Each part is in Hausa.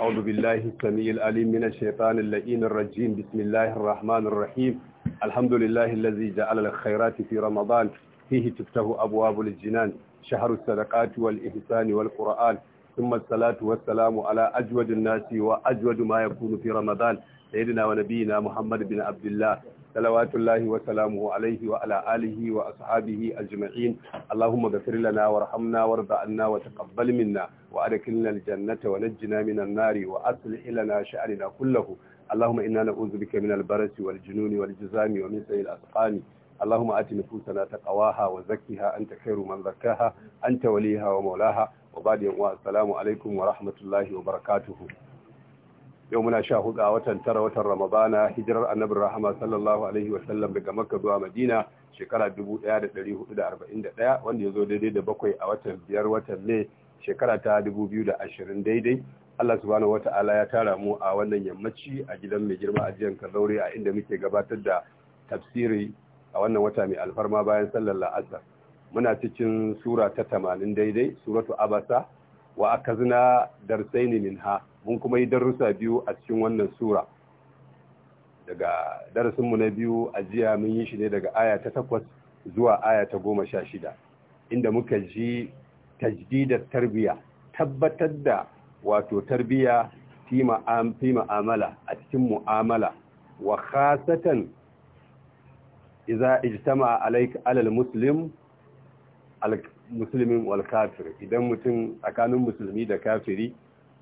أعوذ بالله السميع العليم من الشيطان اللئيم الرجيم بسم الله الرحمن الرحيم الحمد لله الذي جعل الخيرات في رمضان فيه تفتح أبواب الجنان شهر الصدقات والإحسان والقرآن ثم الصلاة والسلام على أجود الناس وأجود ما يكون في رمضان سيدنا ونبينا محمد بن عبد الله salawatullahi wa salamu wa ala alihi wa ashabihi ajma'in allahumma ghafir lana warhamna warda anna wa taqabbal minna wa adkhilna aljannata wa najjina minan nari wa aslih lana na kullahu اللهم إنا نعوذ بك من البرس والجنون والجزام ومن سيء الأسقام اللهم آت نفوسنا تقواها وزكها أنت خير من زكاها أنت وليها ومولاها وبعد يوم السلام wa rahmatullahi wa وبركاته yau muna sha hudu a watan tara watan ramadana hijirar annabin rahama sallallahu alaihi sallam daga makka zuwa madina shekara 1441 wanda ya zo daidai da bakwai a watan biyar watan ne shekara ta 2020 daidai Allah subhanahu Ta'ala ya tara mu a wannan yammaci a gidan mai girma a jiyan kazaure a inda muke gabatar da tafsiri a wannan wata mai alfarma bayan sallar la'asar muna cikin sura ta 80 daidai suratu abasa wa akazna darsaini minha mun kuma yi darussa biyu a cikin wannan sura daga darasinmu na biyu a jiya mun yi shi ne daga aya ta takwas zuwa aya ta goma sha shida inda muka ji tajdidar tarbiya tabbatar da wato tarbiya fi ma'amala a cikin mu'amala wa khasatan idza ijtama alayka alal muslim al muslimin wal kafir idan mutum tsakanin musulmi da kafiri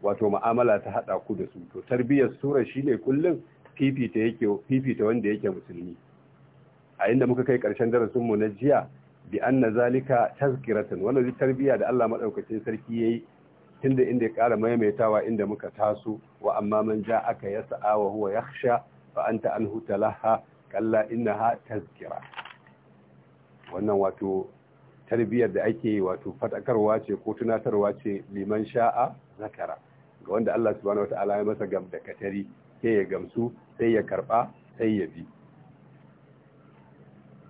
wato ma'amala ta hada ku da su to tarbiyyar sura shine kullum fifita yake fifita wanda yake musulmi a inda muka kai karshen darasin mu na jiya bi anna zalika tazkiratan wannan tarbiyya da Allah madaukakin sarki yayi tunda inda ya kara maimaitawa inda muka taso wa amma man ja aka yasa wa huwa ya sha fa anta anhu talaha kalla ina tazkira wannan wato tarbiyyar da ake wato fadakarwa ce ko tunatarwa ce liman sha'a zakara ga wanda Allah subhanahu wata'ala ya masa gam da katari sai ya gamsu sai ya karba sai ya bi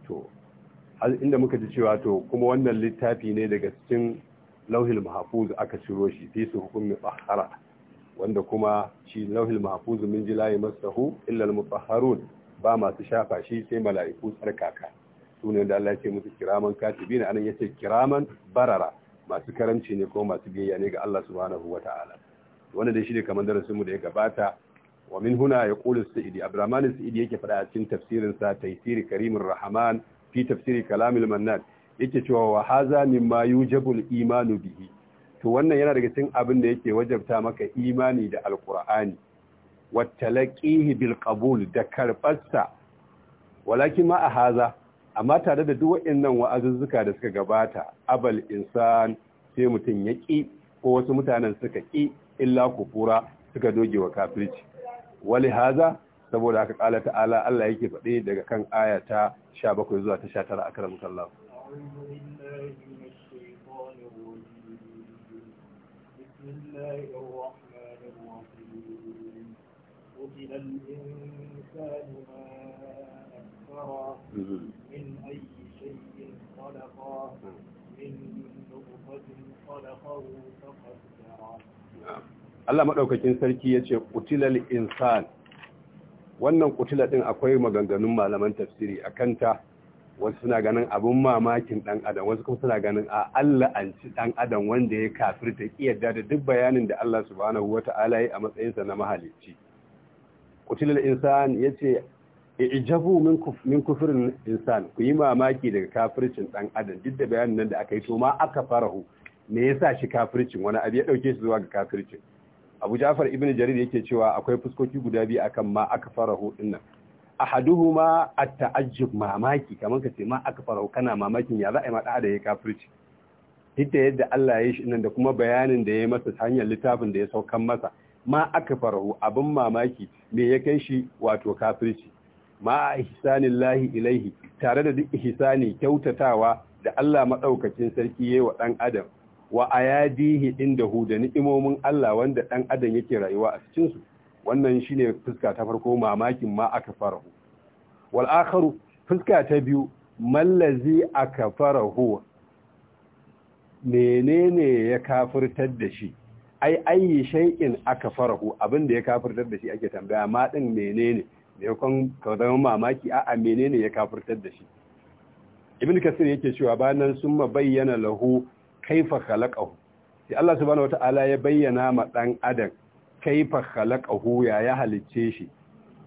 to inda muka ji cewa to kuma wannan littafi ne daga cikin lauhil mahfuz aka ciro shi fi su hukumi tsahara wanda kuma shi lauhil mahfuz min ji layi masahu illal mutahharun ba masu shafa shi sai mala'iku tsarkaka Sune da Allah ya ce musu kiraman na anan yace kiraman barara masu karamci ne ko masu biyayya ne ga Allah subhanahu wataala wanda dai shine kamar darasinmu da ya gabata wa min huna yaqulu sa'idi abdurrahman sa'idi yake faɗa a cikin tafsirin sa taysiri karimin rahman fi tafsiri kalamil mannan yake cewa wa haza mimma yujabu imanu bihi to wannan yana daga cikin abin da yake wajabta maka imani da alqur'ani wa talaqihi bil qabul da karbarsa walakin ma a haza amma tare da duk waɗannan wa'azuzzuka da suka gabata abal insan sai mutum ya ƙi ko wasu mutanen suka ƙi illa kufura suka doge wa kafirci wali haza saboda haka kala ta'ala Allah yake faɗe daga kan aya ta 17 zuwa ta 19 akram kallahu من أي شيء خلقه من نطفة خلقه فقدره Allah maɗaukakin sarki ya ce ƙutilal insan wannan ƙutila ɗin akwai maganganun malaman tafsiri a kanta wasu suna ganin abin mamakin ɗan adam wasu kuma suna ganin a Allah an ci ɗan adam wanda ya kafirta ƙiyarda da duk bayanin da Allah subhanahu wa ta'ala yi a matsayinsa na mahalicci ƙutilal insan ya ce ijabu min kufirin insan ku yi mamaki daga kafircin ɗan adam duk da bayanin nan da aka yi to ma aka farahu me yasa shi kafircin wani abu ya dauke shi zuwa ga kafircin Abu Ja'far ibn Jarir yake cewa akwai fuskoki guda biyu akan ma aka farahu dinnan ahaduhuma at-ta'ajjub mamaki kaman ka ce ma aka farahu kana mamakin ya za a yi ma da ya kafirci duk yadda Allah ya yi shi nan da kuma bayanin da ya yi masa hanyar littafin da ya saukan masa ma aka farahu abin mamaki me ya kai shi wato kafirci ma ihsanin ilaihi tare da duk ihsani kyautatawa da Allah maɗaukacin sarki yayi wa ɗan adam wa ayadihi indahu da ni'imomin Allah wanda ɗan adam yake rayuwa a cikin su wannan shine fuska ta farko mamakin ma aka farahu wal akharu fuska ta biyu mallazi aka farahu menene ya kafirtar da shi ai ayi shay'in aka farahu abinda ya kafirtar da shi ake tambaya ma din menene da kan kawai mamaki a'a menene ya kafirtar da shi ibn kasir yake cewa bayan sun bayyana lahu kaifa khalaqahu sai Allah subhanahu wata'ala ya bayyana ma dan adam kaifa khalaqahu ya ya halicce shi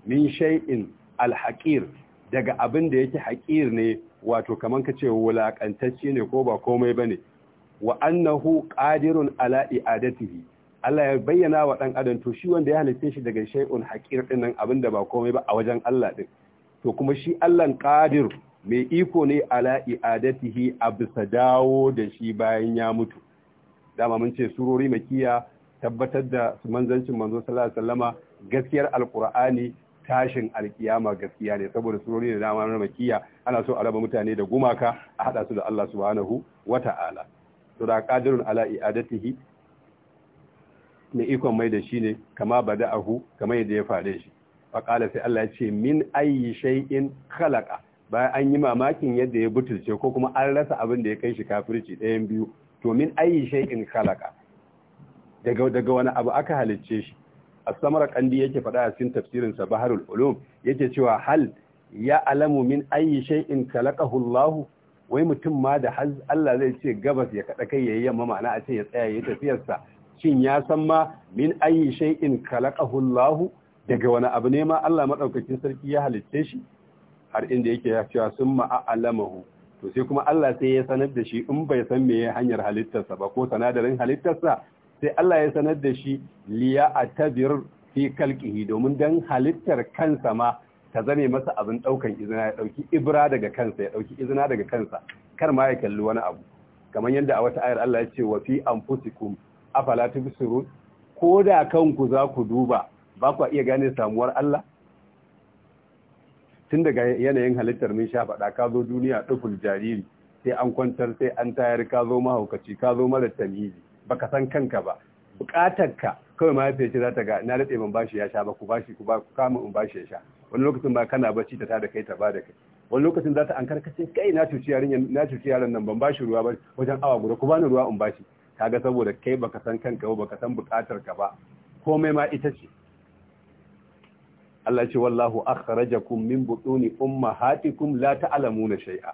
min shay'in alhaqir daga abin da yake haƙir ne wato kaman ka wulakantacce ne ko ba komai ba ne wa annahu qadirun ala i'adatihi Allah ya bayyana wa dan adam to shi wanda ya halice shi daga shay'un haƙir dinnan abinda abin da ba komai ba a wajen Allah din to kuma shi Allah qadir mai iko ne ala i'adatihi a bisa dawo da shi bayan ya mutu dama mun ce surori makiya tabbatar da manzancin manzo sallallahu alaihi wasallama gaskiyar alqur'ani tashin alkiyama gaskiya ne saboda surori da dama na makiya ana so a raba mutane da gumaka a hada su da Allah subhanahu wata'ala to da qadirun ala i'adatihi mai ikon mai da shi ne kama bada'ahu kamar yadda ya fare shi faqala sai Allah ya ce min ayyi shay'in khalaqa bayan an yi mamakin yadda ya butulce ko kuma an rasa abin da ya kai shi kafirci ɗayan biyu to min ayi shay'in khalaqa daga daga wani abu aka halicce shi as-samar qandi yake faɗa a cikin tafsirin sa baharul ulum yake cewa hal ya alamu min ayi shay'in khalaqahu Allah wai mutum ma da haz Allah zai ce gabas ya kada kai yayi yamma ma'ana a ce ya tsaya yayi tafiyar sa shin ya san ma min ayi shay'in khalaqahu Allah daga wani abu ne ma Allah madaukakin sarki ya halicce shi har inda yake ya cewa sun ma'alamahu to sai kuma Allah sai ya sanar da shi in bai san meye hanyar halittarsa ba ko sanadarin halittarsa sai Allah ya sanar da shi liya a tabir fi kalkihi domin don halittar kansa ma ta zame masa abin daukan izina ya dauki ibra daga kansa ya dauki izina daga kansa kar ma ya kalli wani abu kamar yadda a wata ayar Allah ya ce wa fi anfusikum afala tubsirun ko da kanku za ku duba ba ku iya gane samuwar Allah tun daga yanayin halittar mun sha faɗa ka zo duniya ɗuful jariri sai an kwantar sai an tayar ka zo mahaukaci ka zo mara tamizi baka san kanka ba buƙatar ka kawai mahaifiyar za ta ga na daɗe ban bashi ya sha ba ku bashi ku ba ku kama in bashi ya sha wani lokacin ba kana bacci ta tada kai ta ba da kai wani lokacin za ta an karkace kai na cuci yarin na cuci yaron nan ban bashi ruwa ba wajen awa guda ku bani ruwa in bashi kaga saboda kai baka san kanka ba baka san buƙatar ka ba komai ma ita ce Allah ce wallahu akhrajakum min butuni ummahatikum la ta'lamuna shay'a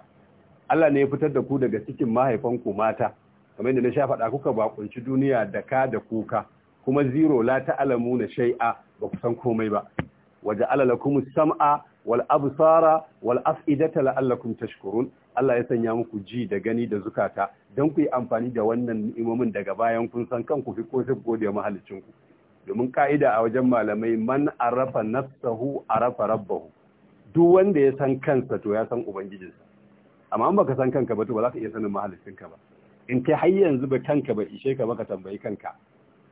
Allah ne ya fitar da ku daga cikin mahaifanku mata kamar yadda na sha faɗa kuka bakunci duniya da ka da kuka kuma zero la ta'lamuna shay'a ba ku san komai ba waja alalakum sam'a wal absara wal af'idata la'allakum tashkurun Allah ya sanya muku ji da gani da zukata don ku yi amfani da wannan ni'imomin daga bayan kun san kanku fi ko gode mahalicinku domin ka'ida a wajen malamai man arafa nafsahu arafa rabbahu duk wanda ya san kansa to ya san ubangijinsa amma an baka san kanka ba to ba za ka iya sanin mahalicinka ba in kai har yanzu ba kanka ba ishe ka baka tambayi kanka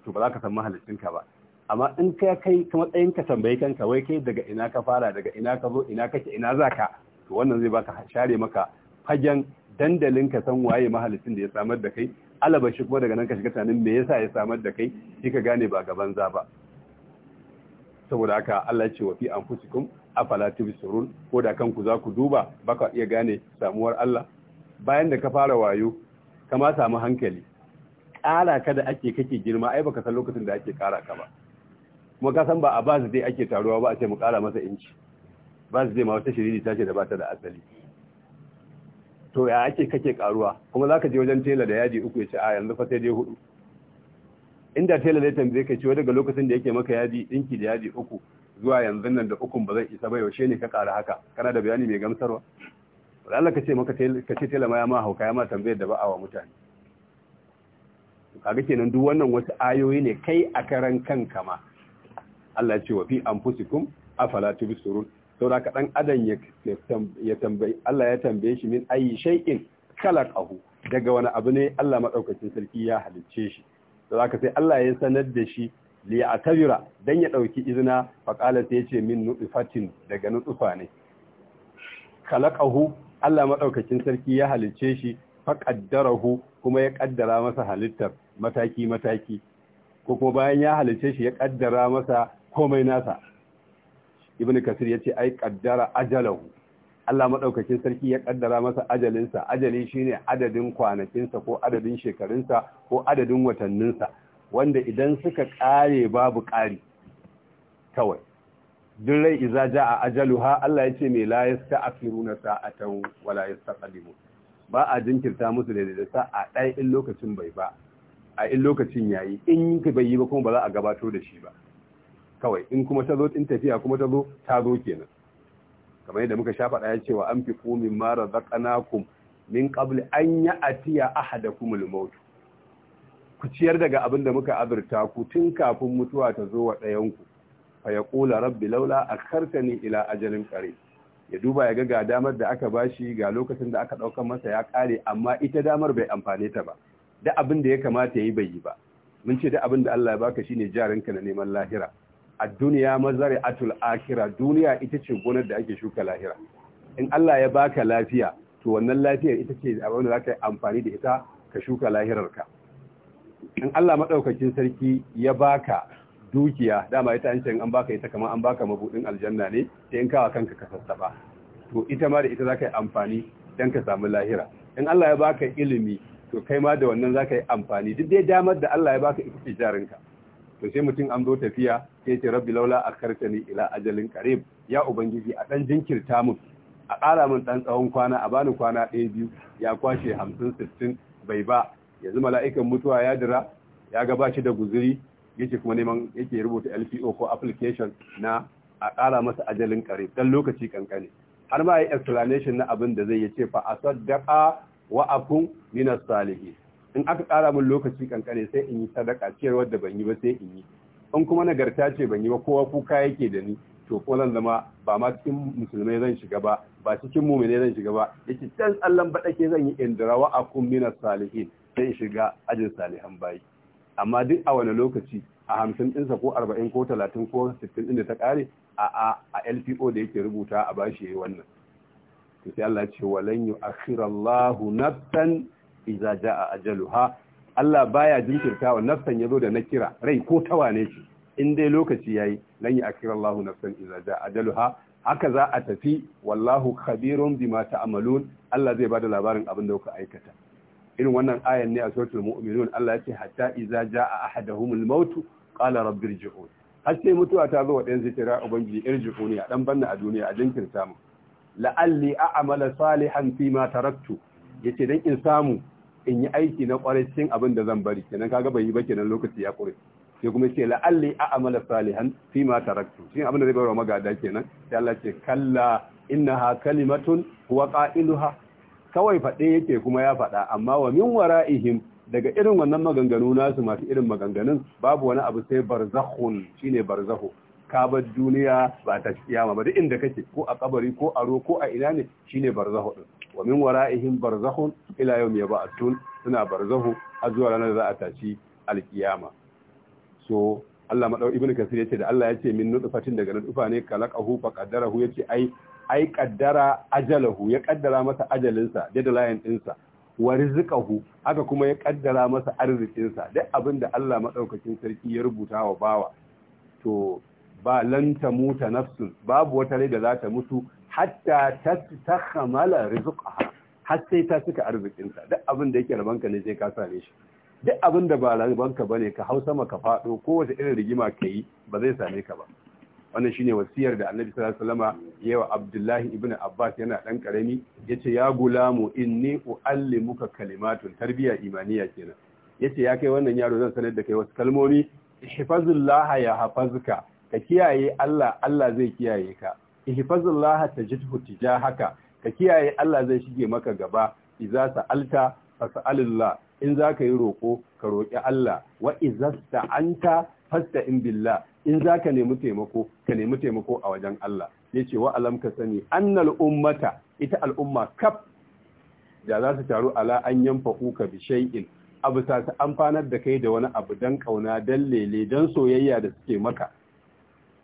to ba za ka san mahalicinka ba amma in kai kai ka matsayin ka tambayi kanka wai kai daga ina ka fara daga ina ka zo ina kake ina ka to wannan zai baka share maka fagen dandalin ka san waye mahalicin da ya samar da kai alabashi kuma daga nan ka shiga tunanin me yasa ya samar da kai shi ka gane ba gaban za ba saboda haka Allah ce wa fi anfusikum afala tubsirun ko da kanku za ku duba baka iya gane samuwar Allah bayan da ka fara wayo kama samu hankali ƙara kada da ake kake girma ai baka san lokacin da ake ƙara ka ba kuma ka san ba a bas dai ake taruwa ba a ce mu ƙara masa inci bas dai ma wata shiriri ta ce da ba ta da asali to ya ake kake karuwa kuma zaka je wajen tela da yaji uku ya ce a yanzu fa sai dai hudu inda tela zai tambaye ka ce daga lokacin da yake maka yaji dinki da yaji uku zuwa yanzu nan da ukun ba zai isa ba yaushe ne ka ƙara haka kana da bayani mai gamsarwa Allah ka ce maka ka ce tela ma ya ma hauka ya ma tambayar da wa mutane kaga kenan duk wannan wasu ayoyi ne kai a karan kanka ma Allah ya ce wa fi anfusikum afala tubsirun saboda ka dan adam ya tambayi Allah ya tambaye shi min ayi shay'in khalaqahu daga wani abu ne Allah madaukakin sarki ya halicce shi saboda ka sai Allah ya sanar da shi li atabira dan ya dauki izina fa qala sai ce min nutfatin daga nutfa ne khalaqahu Allah madaukakin sarki ya halicce shi fa qaddarahu kuma ya kaddara masa halittar mataki mataki ko kuma bayan ya halicce shi ya kaddara masa komai nasa ibn kasir ya ce ai kaddara ajalahu Allah madaukakin sarki ya kaddara masa ajalinsa ajali shine adadin kwanakinsa ko adadin shekarunsa ko adadin watanninsa wanda idan suka kare babu kari kawai duk rai iza ajalu. ajaluha Allah ya ce me la yasta'khiruna sa'atan wala yastaqdimun ba a jinkirta musu da da sa'a ɗaya in lokacin bai ba a in lokacin yayi in ka bai yi ba kuma ba za a gabato da shi ba kawai in kuma ta zo in tafiya kuma ta zo ta zo kenan kamar yadda muka sha ya cewa an fi kumi mara zaƙanakum min qabli an ya atiya ahadakumul maut ku ciyar daga abin da muka azurta ku tun kafin mutuwa ta zo wa ɗayanku. ku fa yaqula rabbi laula a akhartani ila ajalin qarib ya duba ya ga ga damar da aka bashi ga lokacin da aka ɗaukar masa ya ƙare amma ita damar bai amfane ta ba da abin da ya kamata ya yi bai yi ba mun ce da abin da Allah ya baka shine jarinka na neman lahira a duniya mazari atul akira duniya ita ce gonar da ake shuka lahira in Allah ya baka lafiya to wannan lafiyar ita ce abin da za ka yi amfani da ita ka shuka lahirarka in Allah maɗaukakin sarki ya baka dukiya dama ita an ce an baka ita kamar an baka mabudin aljanna ne sai in kawa kanka ka sassaba to ita ma da ita za ka yi amfani don ka samu lahira in Allah ya baka ilimi to kai ma da wannan za ka yi amfani duk dai damar da Allah ya baka ita ce jarinka to sai mutum an zo tafiya sai ce rabbi laula a ni ila ajalin karib ya ubangiji a dan jinkirta mu a ƙara min dan tsawon kwana a bani kwana ɗaya biyu ya kwashe hamsin sittin bai ba yanzu mala'ikan mutuwa ya dira ya ga shi da guzuri yake kuma neman yake rubuta LPO ko application na a ƙara masa ajalin karib dan lokaci kankani har ma yi explanation na abin da zai yi ce fa a wa wa'akun minas salihin in aka ƙara min lokaci kankare sai in yi sadaka ciyarwar wadda ban yi ba sai in yi in kuma nagarta ce ban yi ba kowa kuka yake da ni to ko zan zama ba ma cikin musulmai zan shiga ba ba cikin mumine zan shiga ba yace can Allah baɗake zan yi indirawa a kun min salihin sai in shiga ajin salihan bai. amma duk a wani lokaci a hamsin ɗinsa ko arba'in ko talatin ko sittin ɗin da ta ƙare a a a lpo da yake rubuta a bashi yi wannan to sai Allah ya ce walan yu akhirallahu nafsan iza jaa ajaluha Allah baya jinkirtawa nafsan yazo da nakira rai ko tawane ce in dai lokaci yayi lan ya akira Allahu nafsan iza jaa ajaluha haka za a tafi wallahu khabirun bima ta'malun Allah zai bada labarin abin da kuka aikata irin wannan ayan ne a suratul mu'minun Allah yace hatta iza jaa ahaduhumul maut qala rabbirji'un har sai mutuwa ta zo wa ɗan zikira ubangiji irji'uni a dan banna a duniya a jinkirta mu la'alli a'mala salihan fi ma taraktu yace dan in samu in yi aiki na kwarai cikin abin da zan bari kenan kaga bai yi ba kenan lokaci ya kure sai kuma ce la'alli a'mala salihan fi ma taraktu shi abin da zai bayar magada kenan sai Allah ce kalla innaha kalimatun huwa qailuha kawai faɗe yake kuma ya faɗa amma wa min wara'ihim daga irin wannan maganganu nasu masu irin maganganun babu wani abu sai barzakhun shine barzahu kabar duniya ba ta kiyama ba duk inda kake ko a kabari ko a ro ko a ina ne shine barzahu din wa min wara'ihim barzakhun ila yawmi yab'atun suna barzahu har zuwa ranar da za a tashi alkiyama so Allah madau ibnu kasir yace da Allah yace min nutfatin daga nutfa ne kalaqahu fa qaddarahu yace ai ai qaddara ajalahu ya qaddara masa ajalinsa deadline sa wa rizqahu haka kuma ya qaddara masa arzikinsa duk da Allah madaukakin sarki ya rubuta wa bawa to ba lanta muta nafsu babu wata rai da za ta mutu hatta tastakhmala rizqaha har sai ta cika arzikinsa. duk abin da yake rabanka ne sai ka same shi duk abin da ba rabanka bane ka hau sama ka fado kowace irin rigima ka yi ba zai same ka ba wannan shine wasiyar da Annabi sallallahu alaihi wasallama Abdullahi ibn Abbas yana dan karami yace ya gulamu inni uallimuka kalimatun tarbiya imaniya kenan yace ya kai wannan yaro zan sanar da kai wasu kalmomi ihfazullaha ya hafazuka ka kiyaye Allah Allah zai kiyaye ka ihfazullaha tajidhu tijahaka ka kiyaye Allah zai shige maka gaba idza sa'alta fas'alillah in zaka yi roko ka roki Allah wa idza sta'anta fasta'in billah in zaka nemi taimako ka nemi taimako a wajen Allah yace wa alam ka sani annal ummata ita al'umma kaf da za su taru ala an yanfahu ka bi shay'in abu ta amfanar da kai da wani abu dan kauna dan lele dan soyayya da suke maka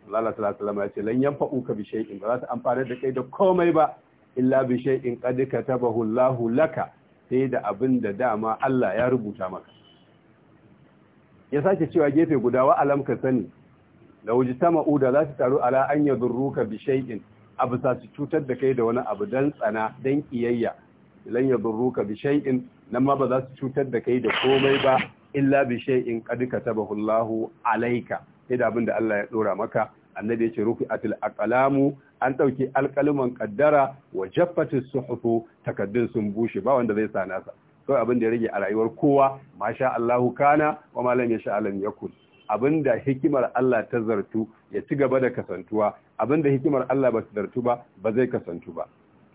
Allah sallallahu ya ce lan yanfa'uka bi shay'in ba za ta amfana da kai da komai ba illa bi shay'in qad katabahu Allahu laka sai da abin da dama Allah ya rubuta maka ya sake cewa gefe guda wa alam ka sani da wujtama'u da za su taru ala an yadurruka bi shay'in abu za su cutar da kai da wani abu dan tsana dan kiyayya lan yadurruka bi shay'in nan ma ba za su cutar da kai da komai ba illa bi shay'in qad katabahu Allahu alayka sai da abin da Allah ya dora maka annabi ya ce atil aqlamu an dauki alqaluman qaddara wa jaffati suhufu takaddun sun bushe ba wanda zai sa nasa kawai abin da ya rage a rayuwar kowa masha Allah kana wa ma lam yasha alam yakun da hikimar Allah ta zartu ya ci gaba da kasantuwa abin da hikimar Allah ba ta zartu ba ba zai kasantu ba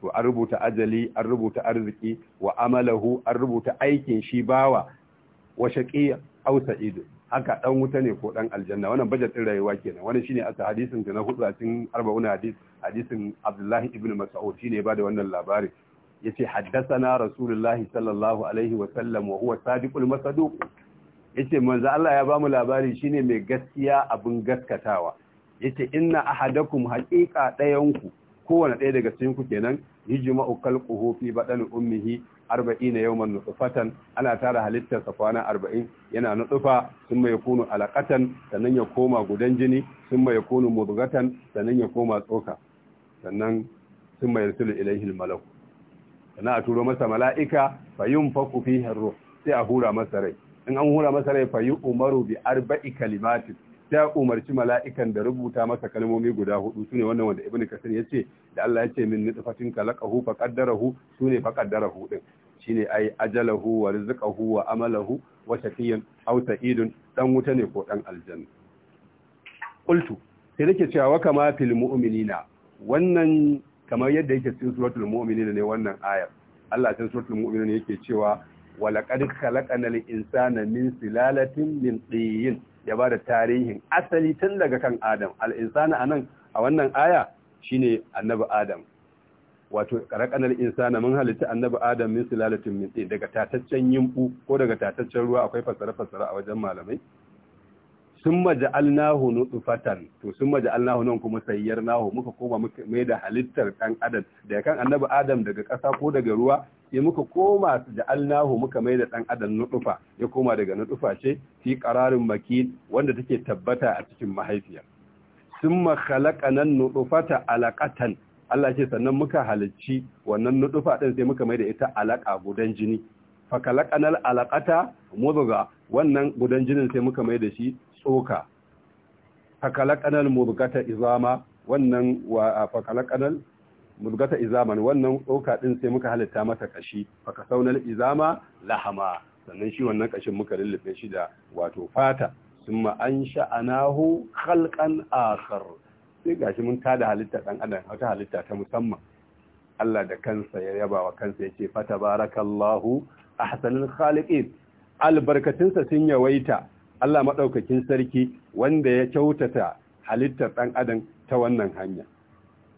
to an rubuta ajali an rubuta arziki wa amalahu an rubuta aikin shi bawa wa shaqiya aw sa'id haka dan wuta ne ko dan aljanna wannan bajet din rayuwa kenan wannan shine aka hadisin da na hudu a cikin 40 hadis hadisin Abdullahi ibn Mas'ud shine ba da wannan labari yace haddathana Rasulullahi sallallahu alaihi wa sallam wa huwa sadiqul masaduq yace manzo Allah ya bamu labari shine mai gaskiya abin gaskatawa yace inna ahadakum haqiqa dayanku kowane ɗaya daga cikin ku kenan yujma'u khalquhu fi badan ummihi 40 yawman nutfatan ana tara halittar sa kwana 40 yana nutfa thumma yakunu alaqatan sannan ya koma gudan jini thumma yakunu mudghatan sannan ya koma tsoka sannan thumma yarsilu ilayhi al-malak sannan a turo masa mala'ika fa yunfaku fihi ar-ruh sai a hura masa rai in an hura masa rai fa yu'maru bi arba'i kalimatin ta umarci mala'ikan da rubuta masa kalmomi guda hudu ne wannan wanda ibnu kasir yace da Allah ce min nutfatin kalaqahu fa qaddarahu ne fa qaddarahu din shine ai ajalahu wa rizqahu wa amalahu wa shaqiyan aw sa'idun dan wuta ne ko dan aljanna qultu sai nake cewa wa kama fil mu'minina wannan kamar yadda yake cikin suratul mu'minina ne wannan ayar Allah cikin suratul mu'minina yake cewa wa laqad khalaqnal insana min silalatin min tin ya ba da tarihin asali tun daga kan adam al'insana a nan a wannan aya shine annabi adam wato karakanar insana mun halitta annabi adam min sulalatin min daga tataccen yimbu ko daga tataccen ruwa akwai fasare-fasare a wajen malamai sun maja alnahu nutfatan to sun maja alnahu nan kuma nahu muka koma muka mai da halittar dan adam da kan annabi adam daga ƙasa ko daga ruwa sai muka koma alnahu muka mai da dan adam nutfa ya koma daga nutfa ce fi qararin makin wanda take tabbata a cikin mahaifiya summa khalaqana nutfata alaqatan Allah ce sannan muka halicci wannan nutfa din sai muka mai da ita alaka gudan jini Fa kalaqanal alaqata mudga wannan gudan jinin sai muka mai da shi tsoka fakalakanal murgata izama wannan wa fakalakanal murgata izaman wannan tsoka din sai muka halitta mata kashi fakasaunal izama lahama sannan shi wannan kashin muka lullufe shi da wato fata sun an sha'anahu khalqan akhar sai gashi mun tada halitta dan adam wata halitta ta musamman Allah da kansa ya yaba wa kansa yace fa barakallahu ahsanul khaliqin albarkatunsa sun yawaita Allah maɗaukakin sarki wanda ya kyautata halittar ɗan adam ta wannan hanya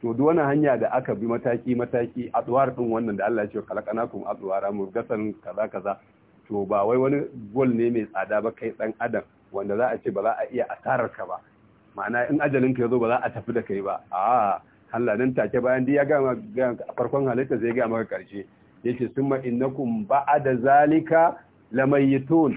to duk wani hanya da aka bi mataki mataki tsuwar ɗin wannan da Allah ya ce tsuwar adwara gasar kaza kaza to ba wai wani gol ne mai tsada ba kai ɗan adam wanda za a ce ba za a iya asarar ka ba ma'ana in ajalin ka zo ba za a tafi da kai ba a Allah nan take bayan dai ya ga a farkon halitta zai ga maka karshe na summa ba'a da zalika lamayyitun.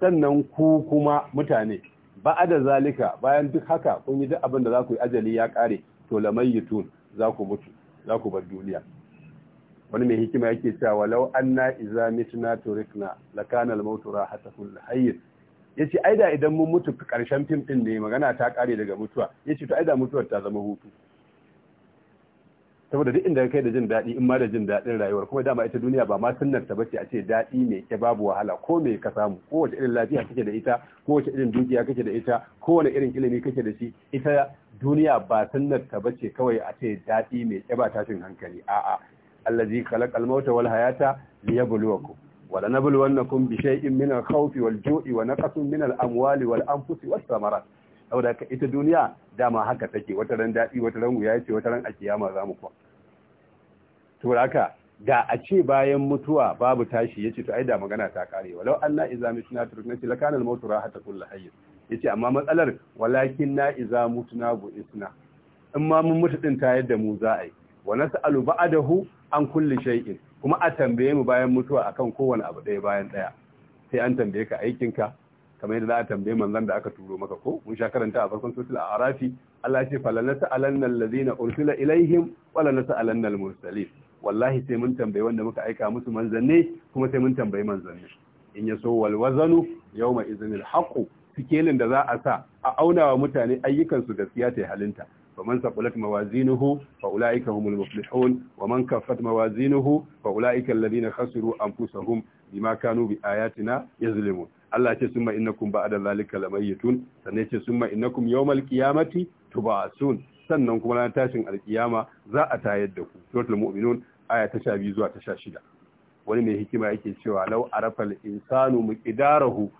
sannan ku kuma mutane ba da zalika bayan duk haka kun yi duk abin da za ku yi ajali ya kare to lamayyitun za ku mutu za ku bar duniya wani mai hikima yake cewa walau anna iza mitna turikna lakana al-maut rahatul hayy yace ai idan mun mutu karshen fim din ne magana ta kare daga mutuwa yace to ai mutuwar ta zama hutu saboda duk inda kai da jin daɗi in ma da jin daɗin rayuwar kuma dama ita duniya ba ma sunnar ta bace a ce daɗi ne ke babu wahala ko me ka samu ko wace irin lafiya kake da ita Ko wace irin dukiya kake da ita Ko kowane irin ilimi kake da shi ita duniya ba sunnar ta bace kawai a ce daɗi mai ke ba tashin hankali a'a allazi khalaqal mauta wal hayata liyabluwakum wala nabluwannakum bi shay'in min al-khawfi wal-ju'i wa naqsin min al-amwali wal-anfusi was-samarat saboda ka ita duniya dama haka take wata ran daɗi wata ran wuya ce wata ran a kiyama za mu kwa to haka da a ce bayan mutuwa babu tashi yace to ai da magana ta kare walau anna iza mutuna turkna ce lakana al-maut rahata kullu hayy yace amma matsalar walakin na iza mutuna bu isna in ma mun mutu din ta yadda mu za a yi wa nas'alu ba'dahu an kulli shay'in kuma a tambaye mu bayan mutuwa akan kowane abu daya bayan ɗaya sai an tambaye ka aikinka kamar yadda za a tambaye manzon da aka turo maka ko mun sha karanta a farkon a arafi Allah ya ce falanata alannal ladina ursila ilaihim wala nas'alannal mursalin wallahi sai mun tambaye wanda muka aika musu manzanne kuma sai mun tambayi manzanne in ya so yau mai izinin iznil haqu sikelin da za a sa a aunawa mutane ayyukansu gaskiya ta halinta faman saqulat mawazinuhu fa ulaika humul muflihun waman kaffat mawazinuhu fa ulaika alladhina khasiru anfusahum bima kanu bi ayatina yazlimun Allah ya ce summa innakum ba'da zalika lamayitun sannan ya ce summa innakum yawmal ba sun, sannan kuma na tashin alkiyama za a tayar da ku suratul mu'minun aya ta biyu zuwa ta shida. wani mai hikima yake cewa law arafal insanu miqdarahu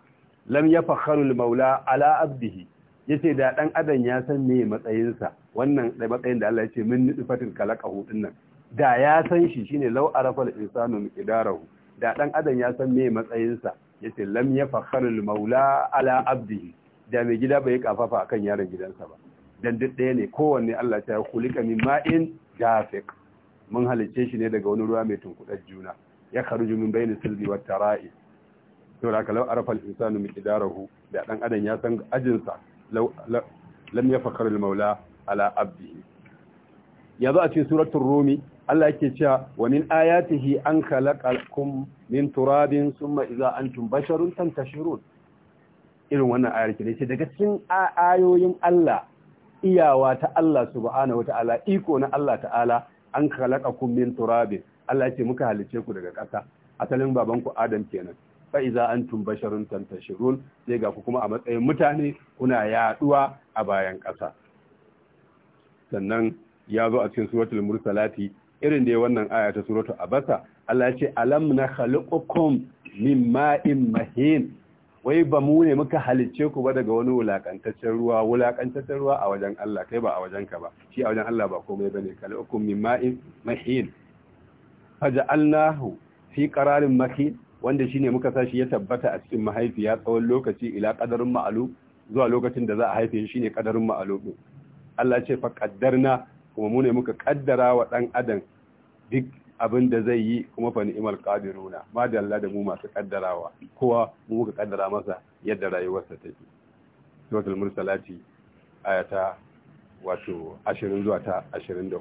lam yafkharu al maula ala abdihi ce da dan adam ya san me matsayinsa wannan da matsayin da Allah ya ce min nutfatin kalaqahu dinnan da ya san shi shine law arafal insanu miqdarahu da dan adam ya san me matsayinsa yace lam fakkarin maula ala abdihi da mai gida bai kafafa akan yaron gidansa ba dan duk ɗaya ne kowanne Allah ta kulika min ma'in dafiq mun halice shi ne daga wani ruwa mai tunkudar juna ya kharuju min bayni sulbi wat tara'i to da kalau arafa al-insanu idarahu da dan adam ya san ajinsa lam ya fakkarin maula ala abdihi yazo a cikin suratul rumi Allah yake cewa wa min ayatihi an khalaqakum min turabin summa idza antum basharun tantashirun irin wannan ayar ke ce daga cikin ayoyin Allah iyawa ta Allah subhanahu wataala iko na Allah ta'ala an khalaqakum min turabin Allah ce muka halice ku daga ƙasa asalin babanku Adam kenan fa idza antum basharun tantashirun sai ga ku kuma a matsayin mutane kuna yaɗuwa a bayan ƙasa sannan ya zo a cikin suratul mursalati irin da ya wannan aya ta suratu abasa Allah ya ce alam na khaliqukum min ma'in mahin wai ba mu ne muka halicce ku ba daga wani wulakantaccen ruwa wulakantaccen ruwa a wajen Allah kai ba a wajen ka ba shi a wajen Allah ba komai bane khaliqukum min ma'in mahin faja'alnahu fi qararin makin wanda shine muka sa shi ya tabbata a cikin mahaifiya tsawon lokaci ila qadarin ma'alu zuwa lokacin da za a haife shi ne qadarin ma'alu Allah ce fa qaddarna kuma mu ne muka kaddara wa dan adam duk abin da zai yi kuma fa ni'mal qadiruna ma da Allah da mu masu kaddarawa kowa mu muka kaddara masa yadda rayuwarsa take suratul mursalati ayata wato 20 zuwa ta 23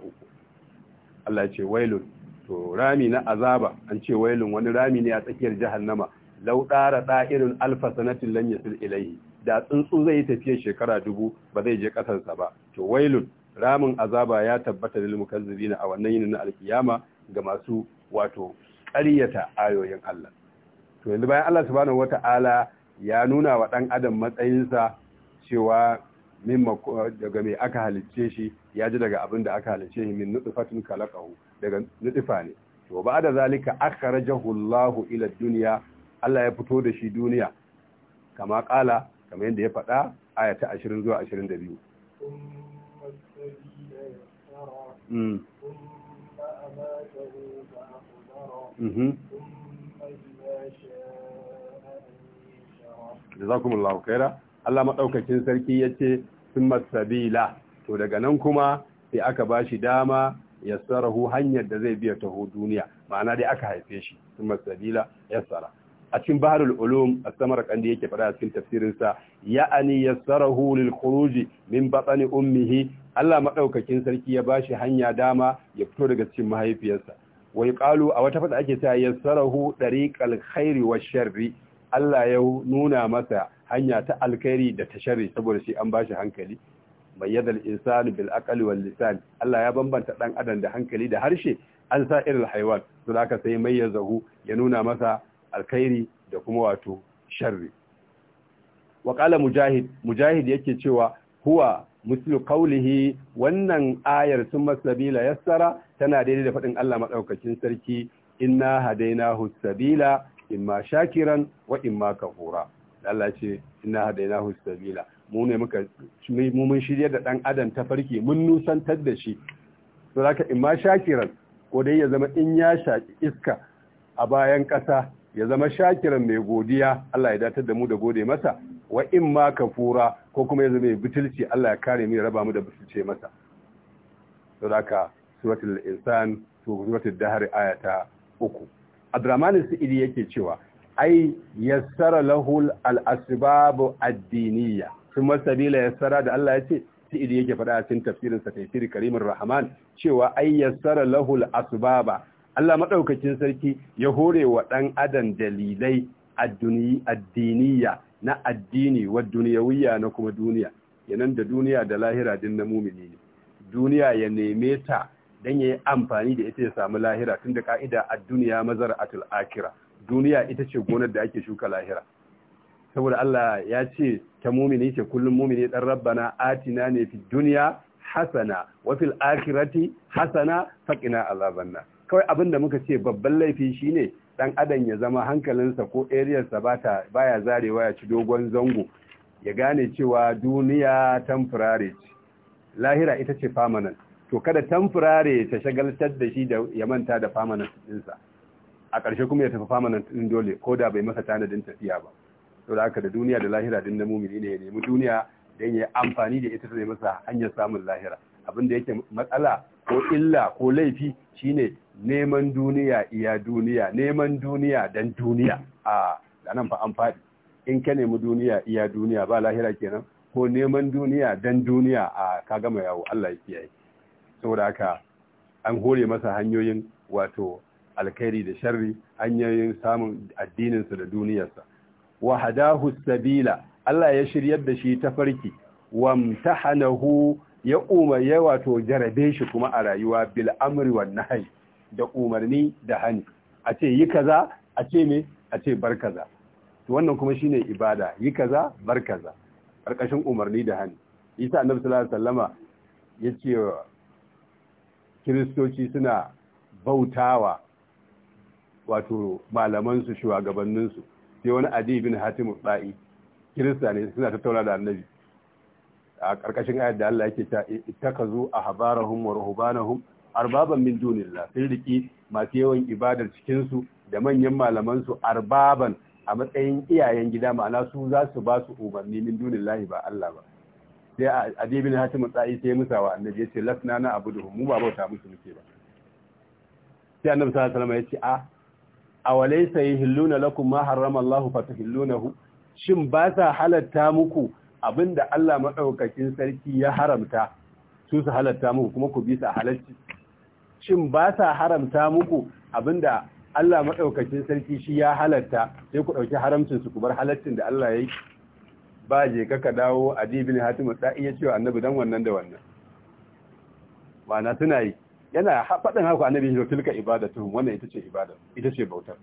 Allah ya ce wailun to rami na azaba an ce wailun wani rami ne a tsakiyar jahannama lau dara da'irun alfa sanatin lan yasil ilayhi da tsuntsu zai tafiye shekara dubu ba zai je kasarsa ba to wailun ramin azaba ya tabbata lil mukazzibina a wannan yinin na alkiyama ga masu wato ƙaryata ayoyin Allah to yanzu bayan Allah subhanahu wata'ala ya nuna wa dan adam matsayin sa cewa min daga mai aka halicce shi ya ji daga abin da aka halicce shi min nutfatin kalaqahu daga nutfa ne to ba da zalika akhrajahu Allahu ila dunya Allah ya fito da shi duniya kama kala kamar yadda ya faɗa ayata 20 zuwa biyu. ثم mm. أماته mm-hmm. Allah maɗaukakin sarki ya ce sun sabila to daga nan kuma sai aka ba shi dama ya sarahu hanyar da zai biya taho duniya ma'ana dai aka haife shi sun sabila ya tsara. a cikin baharul ulum a samar kandi yake fada a cikin tafsirin sa ya yassarahu lil khuruji min batni ummihi Allah madaukakin sarki ya bashi hanya dama ya fito daga cikin mahaifiyarsa wai qalu a wata fada ake cewa yassarahu tariqal khairi wash-sharri Allah ya nuna masa hanya ta alkhairi da ta sharri saboda shi an bashi hankali bayyada al-insanu bil aqli wal lisan Allah ya bambanta dan adam da hankali da harshe an sa irin haiwan su da aka sai mai ya zahu ya nuna masa alkhairi da kuma wato sharri wa kala mujahid mujahid yake cewa huwa mislu qawlihi wannan ayar summa sabila yassara tana daidai da fadin Allah madaukakin sarki inna hadainahu sabila imma shakiran wa imma kafura Allah ce inna hadainahu sabila mu ne muka mu mun shirye da dan adam ta farki mun nusantar da shi to zaka imma shakiran ko dai ya zama in ya shaki iska a bayan ƙasa ya zama shakiran mai godiya Allah ya datar da mu da gode masa wa in ma kafura ko kuma ya zama ya butulci Allah ya kare mu ya raba mu da butulce masa saboda suratul insan suratul dahr ayata uku Abdurrahman Sa'idi yake cewa ai yassara lahul al-asbab ad-diniyya kuma sabila yassara da Allah ya ce Sa'idi yake faɗa a cikin tafsirin sa tafsir karimin Rahman cewa ai yassara lahul asbaba Allah maɗaukacin sarki ya hore wa ɗan adam dalilai addiniya na addini wa duniyawiya na kuma duniya yanan da duniya da lahira din na mumini ne duniya ya neme ta dan yayi amfani da ita ya samu lahira tunda ka'ida duniya mazar atul akhirah duniya ita ce gonar da ake shuka lahira saboda Allah ya ce ta mumini ce kullum mumini dan rabbana atina ne fi Duniya hasana wa fil akhirati hasana faƙina azabannar kawai abin da muka ce babban laifi shine dan adam ya zama hankalinsa ko ariyarsa bata baya zarewa ya ci dogon zango ya gane cewa duniya temporary lahira ita ce permanent to kada temporary ta shagaltar da shi da ya manta da permanent ɗinsa a ƙarshe kuma ya tafi permanent ɗin dole ko da bai masa tanadin tafiya ba to da haka da duniya da lahira din na mumini ne ya nemi duniya don ya amfani da ita ta masa hanyar samun lahira abin da yake matsala ko illa ko laifi shine neman duniya iya duniya neman duniya dan duniya a da nan ba an faɗi in ka nemi duniya iya duniya ba lahira kenan ko neman duniya dan duniya a ka gama yawo Allah ya kiyaye saboda haka an hore masa hanyoyin wato alkhairi da sharri hanyoyin samun addininsa da duniyarsa wa hadahu sabila Allah ya shiryar da shi ta farki wamtahanahu ya umar ya wato jarabe shi kuma a rayuwa bil amri wan nahyi da umarni da hani a ce yi kaza a ce me a ce bar kaza to wannan kuma shine ibada yi kaza bar kaza karkashin umarni da hani isa annabi sallallahu alaihi wasallama yace kiristoci suna bautawa wato malaman su shugabannin su sai wani adi bin hatim ba'i kirista ne suna tattauna da annabi a karkashin ayat da Allah yake ta ittakazu ahbarahum wa ruhbanahum arbaban min dunillah sun riki masu yawan ibadar cikin su da manyan malaman su arbaban a matsayin iyayen gida ma'ana su za su ba su umarni min dunillahi ba Allah ba sai adibin hatim tsayi sai musa wa annabi ce lasna na abuduhum mu ba bauta musu muke ba sai annabi sallallahu alaihi wasallam ce a awalaysa yahilluna lakum ma harrama Allah tahillunahu shin ba sa halatta muku abinda Allah madaukakin sarki ya haramta su su halatta muku kuma ku bi sa halalci shin ba sa haramta muku abinda Allah maɗaukacin sarki shi ya halatta sai ku ɗauki haramcin su ku bar halaccin da Allah ya yi ba je ka dawo a dibin hatimu ta iya cewa annabi dan wannan da wannan na suna yi yana faɗin haku annabi shi tilka ibadatu wannan ita ce ibada ita ce bautar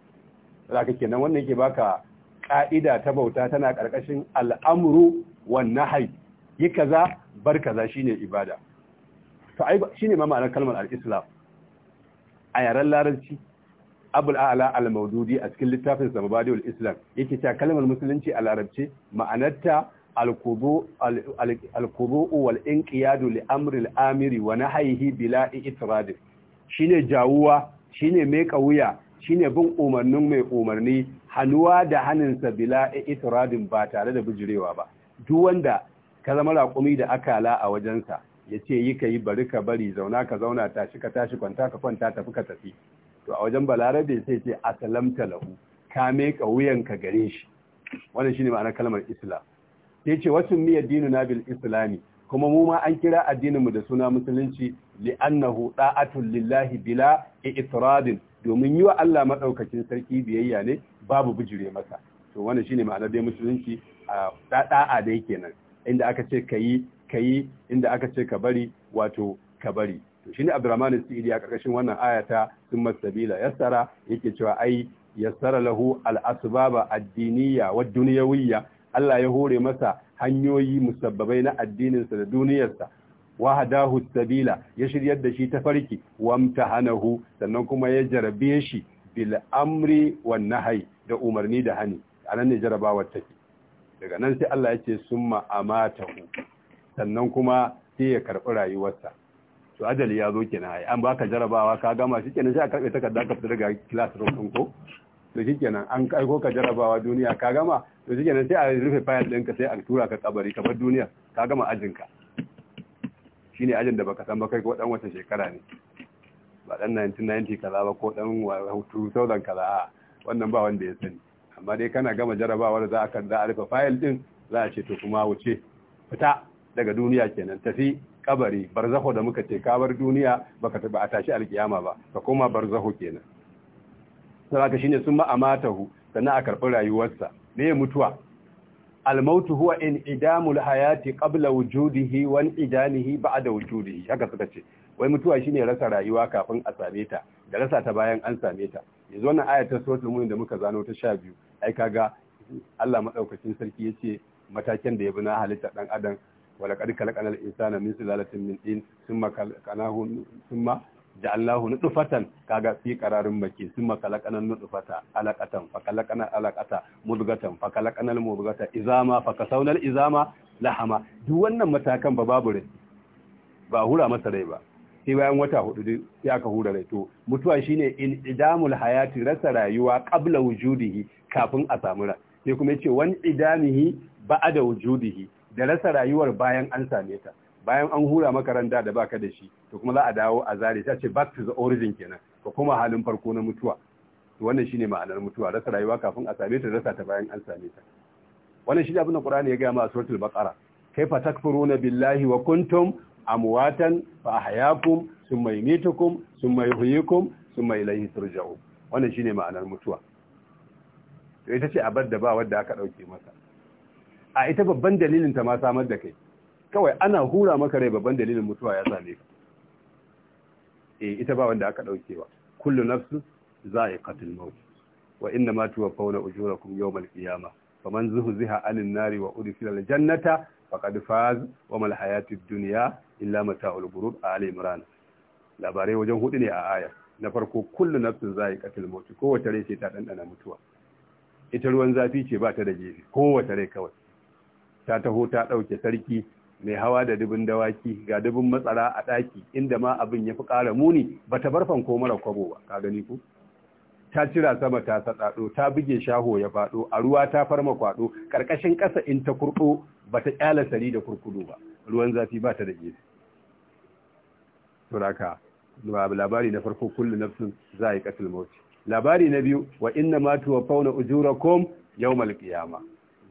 zaka kenan wannan yake baka ka'ida ta bauta tana karkashin al'amru wan nahyi yi kaza bar kaza shine ibada to ai shine ma ma'anar kalmar al-islam a yaren larabci abul a'la al-maududi a cikin littafin sa mabadiul islam yake cewa kalmar musulunci a larabce ma'anarta al-qubu wal inqiyadu li amri al-amiri wa nahyihi bila itrad shine jawuwa shine mai wuya, shine bin umarnin mai umarni hanuwa da haninsa bila itradin ba tare da bijirewa ba duk wanda ka zama raƙumi da akala a wajensa ya ce yi ka yi bari ka bari zauna ka zauna tashi ka tashi kwanta ka kwanta tafi ka tafi to a wajen balarabe sai ce asalamta lahu ka wuyan ka gare shi wannan shine ma'anar kalmar islam sai ce wasu miya dinu na bil islami kuma mu ma an kira addininmu da suna musulunci li'annahu da'atun lillahi bila i'tiradin domin yi wa Allah maɗaukacin sarki biyayya ne babu bijire masa to wannan shine ma'anar dai musulunci a da'a dai kenan inda aka ce kayi ka yi inda aka ce ka bari wato ka bari to shine Abdurrahman Sidi a karkashin wannan ayata sun masabila yassara yake cewa ai yassara lahu al-asbaba ad duniya wa Allah ya hore masa hanyoyi musabbabai na addininsa da duniyarsa wahadahu sabila ya shiryar da shi ta farki, wa mtahanahu sannan kuma ya jarabe shi bil amri wan nahyi da umarni da hani anan ne jarabawar take daga nan sai Allah ya ce summa amatahu sannan kuma sai ya karɓi rayuwarsa to ajali ya zo kenan ai an baka jarabawa ka gama shi kenan sai a karɓe takarda ka fita daga kilas ɗin ko to shi kenan an aiko ka jarabawa duniya ka gama to shi kenan sai a rufe fayil ka sai a tura ka kabari ka bar duniya ka gama ajinka shine ajin da baka san ba kai ko dan wata shekara ne ba dan 1990 kaza ba ko dan 2000 kaza a wannan ba wanda ya sani amma dai kana gama jarabawa da za a kan za a rufe fayil ɗin za a ce to kuma wuce fita daga duniya kenan tafi kabari barzaho da muka ce kabar duniya baka taba a tashi alkiyama ba ka koma barzaho kenan ka shine sun ma hu sannan a karɓi rayuwarsa ne mutuwa almautu huwa in idamul hayati qabla wujudihi wa idanihi ba'da wujudihi haka suka ce wai mutuwa shine rasa rayuwa kafin a same ta da rasa ta bayan an same ta yanzu wannan ayat ta suratul mu'min da muka zano ta 12 ai kaga Allah madaukakin sarki yace matakin da ya bi na halitta dan adam ولقد خلقنا الانسان من سلاله من طين ثم خلقناه ثم جعلناه نطفه kaga في قرار maki summa خلقنا النطفه علقه fa kalakana مضغه فخلقنا fa kalakana mudghata izama fa kasawnal izama lahama duk wannan matakan ba babu rai ba hura masa rai ba sai bayan wata hudu sai aka hura rai to mutuwa shine in idamul hayati rasa rayuwa qabla wujudihi kafin a samu rai sai kuma yace wan idamihi ba'da wujudihi da rasa rayuwar bayan an same ta bayan an hura makaranta randa da baka da shi to kuma za a dawo a zare ta ce back to the origin kenan ka kuma halin farko na mutuwa to wannan shine ma'anar mutuwa rasa rayuwa kafin a same ta rasa ta bayan an same ta wannan shi abin da Qur'ani ya ga ma a suratul baqara kaifa takfuruna billahi wa kuntum amwatan fa ahyakum thumma yumitukum thumma yuhyikum thumma ilayhi turja'un wannan shine ma'anar mutuwa to ita ce abar da ba wanda aka dauke masa a ita babban dalilin ta ma samar da kai kawai ana hura maka rai babban dalilin mutuwa ya same ka eh ita ba wanda aka dauke ba kullu nafsu za'iqatul maut wa inna ma tuwaffawna ujurakum yawmal qiyama faman zuhziha 'anil nari wa udkhila al jannata faqad faz wa mal hayatid dunya illa mata'ul ghurur ali imran labarai wajen hudu ne a aya na farko kullu nafsin za'iqatul maut kowace rai ce ta dandana mutuwa ita ruwan zafi ce ba ta da gefe kowace rai kawai ta taho ta ɗauke sarki mai hawa da dubin dawaki ga dubin matsara a ɗaki inda ma abin ya fi ƙara muni ba ta barfan ko mara kwabo ba ka gani ku ta cira sama ta saɗaɗo ta buge shaho ya faɗo a ruwa ta farma kwaɗo ƙarƙashin ƙasa in ta kurɗo ba ta ƙyala sari da kurkudu ba ruwan zafi ba ta da gefe turaka labari na farko kullum nafsin za a yi ƙasil mawuci labari na biyu wa inna ma tuwa fauna ujurakum yawmal malƙiyama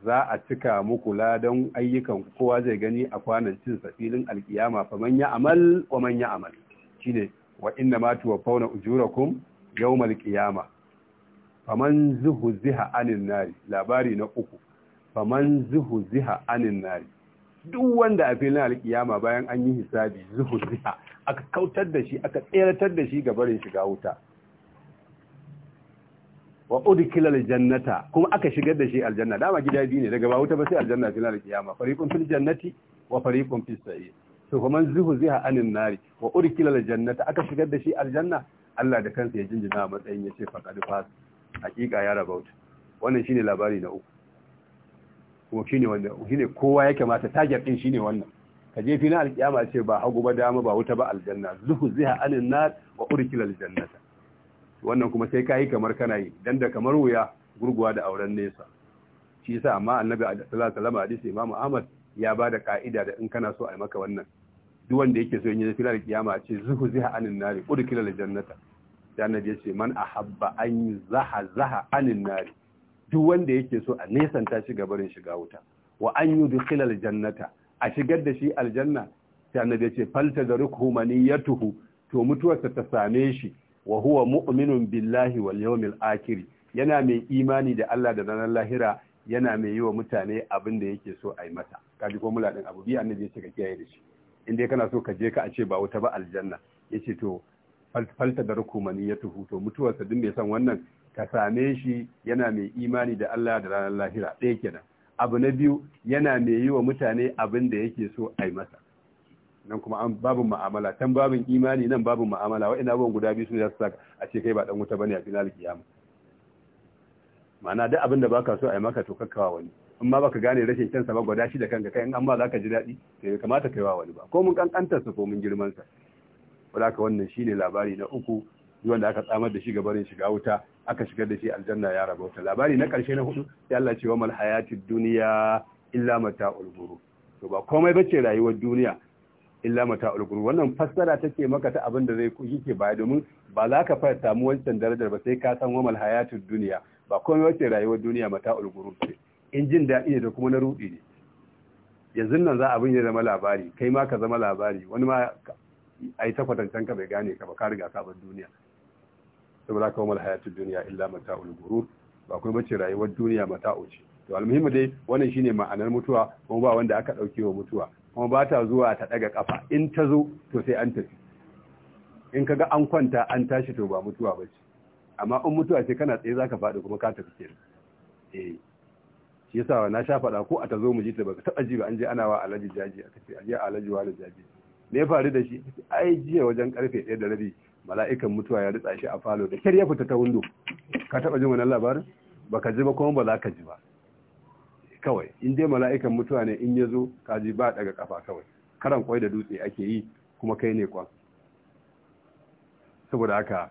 za a cika muku ladan ayyukan kowa zai gani a kwanan cin safilin alkiyama fa man amal wa man amal shine wa inna ma tuwaffawna ujurakum yawmal qiyama faman ziha anin nari labari na uku faman ziha anin nari duk wanda a filin alkiyama bayan an yi hisabi ziha aka kautar da shi aka tseratar da shi gabarin shiga wuta wa udkhila aljannata kuma aka shigar da shi aljanna dama gida biyu ne daga ba wuta ba sai aljanna tana da kiyama fariqun fil jannati wa fariqun fis sa'ir to kuma zuhziha anin nari wa udkhila aljannata aka shigar da shi aljanna Allah da kansa ya jinjina a matsayin ya ce faqad fas haqiqa ya rabauta wannan shine labari na uku kuma shine wanda shine kowa ya mata? target din shine wannan ka je fina alkiyama ce ba hagu ba dama ba wuta ba aljanna Zuhu zuhziha anin nar wa udkhila aljannata wannan kuma sai kayi kamar kana yi dan da kamar wuya gurguwa da auren nesa shi yasa amma annabi sallallahu alaihi wasallam hadisi imamu ahmad ya bada ka'ida da in kana so a maka wannan duk wanda yake so yin filar kiyama ce zuhu zaha anin nari udkhila jannata da annabi ya ce man ahabba an zaha zaha anin nari duk wanda yake so a nesanta shi barin shiga wuta wa an yudkhila jannata. a shigar da shi aljanna sai annabi ya ce falta da rukhu maniyatuhu to mutuwarsa ta same shi wa huwa mu'minun billahi wal yawmil akhir yana mai imani da Allah da ranar lahira yana mai yi wa mutane abin da yake so a yi masa kaji ko mula abu bi annabi yace ka kiyaye da shi Inda kana so ka je ka a ce ba wuta ba aljanna yace to falta da rukumani ya tuhu to sa duk bai san wannan ka same shi yana mai imani da Allah da ranar lahira ɗaya kenan abu na biyu yana mai yi wa mutane abin da yake so a yi masa nan kuma an babin ma'amala tan babin imani nan babin ma'amala wa'in abubuwan guda biyu su ne su a ce kai ba dan wuta bane a final kiyama ma'ana duk abin da baka so a yi maka to kakkawa wani in ma baka gane rashin kyan sa ba gwada shi da kanka kai in an za ka ji daɗi to kamata kai wa wani ba ko mun kankantar sa ko mun girman sa wala wannan shine labari na uku wanda aka tsamar da shi ga barin shiga wuta aka shigar da shi aljanna ya raba wuta labari na karshe na hudu sai Allah ce wa mal hayatid dunya illa mata'ul ghurur to ba komai bace rayuwar duniya illa mata ulguru wannan fassara take maka ta abin da zai yake baya domin ba za ka fara samu wancan darajar ba sai ka san wamal hayatud duniya ba komai wace rayuwar duniya mata ulguru ce in jin daɗi da kuma na rudi ne yanzu nan za abin ya zama labari kai ma ka zama labari wani ma ai ta kwatancan ka bai gane ka ba ka riga ka duniya saboda ka wamal hayatud duniya illa mata ulguru ba komai wace rayuwar duniya mata uce to almuhimmi dai wannan shine ma'anar mutuwa kuma ba wanda aka dauke wa mutuwa kuma ba ta zuwa ta daga kafa in ta zo to sai an tafi in kaga an kwanta an tashi to ba mutuwa ba ce amma in mutuwa ce kana tsaye zaka faɗi kuma ka tafi ke eh shi yasa na sha faɗa ko a ta zo mu ji ta baka taɓa ji ba an je ana wa alaji jaji aka ce je alaji wa jaji ne faru da shi ai jiya wajen karfe ɗaya da rabi mala'ikan mutuwa ya ritsa shi a falo da kyar ya fita ta windo ka taɓa jin wannan labarin baka ji ba kuma ba za ka ji ba kawai in dai mala'ikan mutuwa ne in ya zo kaji ba daga kafa kawai karan kwai da dutse ake yi kuma kai ne kwan saboda haka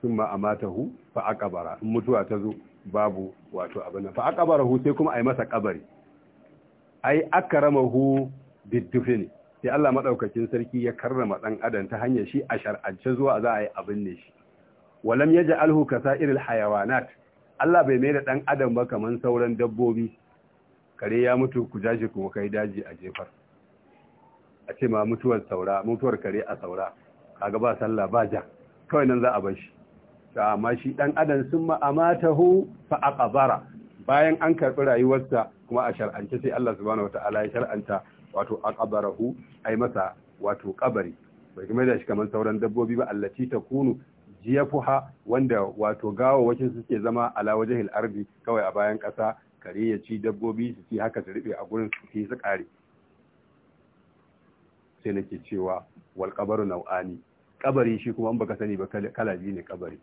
sun ma a matahu fa a in mutuwa ta zo babu wato abin fa a hu sai kuma a yi masa kabari ai rama hu biddufi ne sai Allah madaukakin sarki ya karrama dan adam ta hanyar shi a shar'ance zuwa za a yi abin ne shi walam yaj'alhu kasa'iril hayawanat Allah bai mai da ɗan adam ba kamar sauran dabbobi kare ya mutu ku jashi kuma kai daji a jefar a ce ma mutuwar saura mutuwar kare a saura kaga ba sallah ba ja kawai nan za a bar shi ta amma shi ɗan adam sun ma'amatahu fa aqbara bayan an karɓi rayuwarsa kuma a shar'ance sai Allah subhanahu wataala ya shar'anta wato aqbarahu ai masa wato kabari bai da shi kamar sauran dabbobi ba allati takunu jiyafuha wanda wato gawawwakin suke zama ala wajahil ardi kawai a bayan kasa kare ya ci dabbobi su ci haka su rube a gurin su ci su kare sai nake cewa wal qabaru nau'ani kabari shi kuma an baka sani ba kala ji ne kabari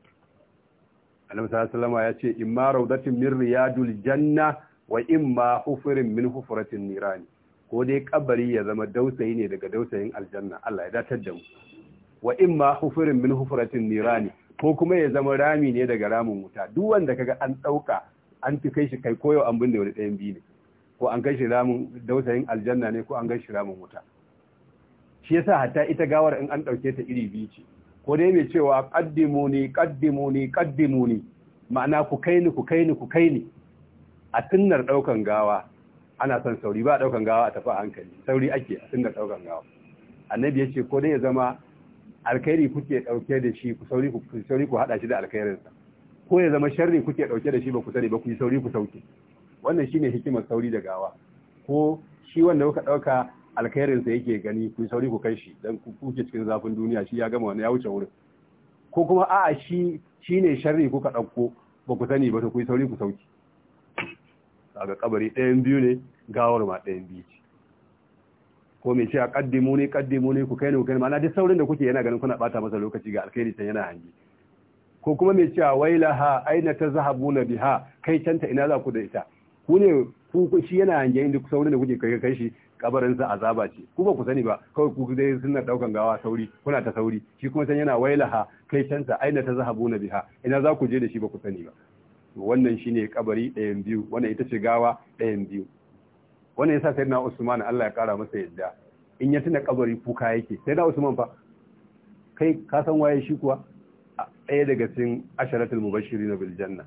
annabi sallallahu alaihi ya ce imma raudatin min riyadul janna wa imma hufurin min hufuratin nirani ko dai kabari ya zama dausayi ne daga dausayin aljanna Allah ya datar da mu wa in ma hufurin min hufuratin nirani ko kuma ya zama rami ne daga ramin wuta duk wanda kaga an ɗauka an fi kai shi kai koyo an binne wani ɗayan biyu ne ko an kai shi ramin dausayin aljanna ne ko an kai shi ramin wuta shi yasa hatta ita gawar in an ɗauke ta iri biyu ce ko dai mai cewa qaddimuni qaddimuni qaddimuni ma'ana ku kai ni ku kai ni ku kai ni a tunnar ɗaukan gawa ana son sauri ba ɗaukan gawa a tafi hankali sauri ake a tunnar ɗaukan gawa annabi ya ce ko dai ya zama alkhairi kuke dauke da shi ku sauri ku sauri ku hada shi da sa ko ya zama sharri kuke dauke da shi ba ku sani ba ku yi sauri ku sauke wannan shine hikimar sauri da gawa ko shi wanda kuka dauka sa yake gani ku sauri ku kai shi dan ku kuke cikin zafin duniya shi ya gama wani ya wuce wurin ko kuma a'a shi shine sharri kuka dauko ba ku sani ba ku yi sauri ku sauke daga kabari ɗayan biyu ne gawar ma ɗayan biyu ce ko mai cewa kaddimu ne kaddimu ne ku kai ne ku kai ne ma'ana duk saurin da kuke yana ganin kuna bata masa lokaci ga alkhairi can yana hangi ko kuma mai cewa wailaha aina na biha kai ta ina za ku da ita ku ne ku shi yana hangi inda saurin da kuke kai kai shi kabarin sa azaba ce ku ba ku sani ba kawai ku dai suna daukan gawa sauri kuna ta sauri shi kuma san yana wailaha kai ta aina na biha ina za ku je da shi ba ku sani ba wannan shine kabari ɗayan biyu wannan ita ce gawa ɗayan biyu wannan yasa na Usman Allah ya kara masa yadda in ya tuna kabari kuka yake na Usman fa kai ka san waye shi kuwa ɗaya daga cikin asharatul mubashirin bil janna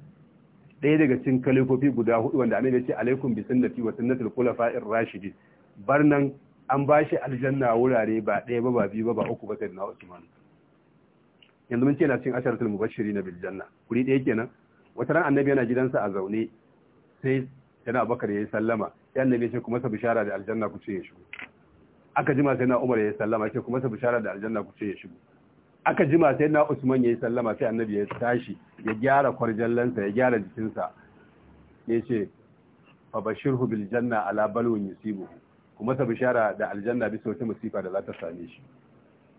ɗaya daga cikin kalifofi guda hudu wanda annabi ya ce alaikum bi sunnati wa sunnatul khulafa'ir rashidin barnan an ba shi aljanna wurare ba ɗaya ba ba biyu ba ba uku ba na Usman yanzu mun ce na cikin asharatul mubashirin bil janna kuri ɗaya kenan wata ran annabi yana gidansa a zaune sai yana bakar ya yi sallama yan nabi ce kuma sa bishara da aljanna ku ce ya shigo aka jima sai na Umar ya sallama ce kuma sa bishara da aljanna ku ce ya shigo aka jima sai na Usman ya sallama sai annabi ya tashi ya gyara kwarjallansa ya gyara jikinsa ya ce fa bashirhu bil janna ala balwin yusibu kuma sa bishara da aljanna bisa wata musifa da za ta same shi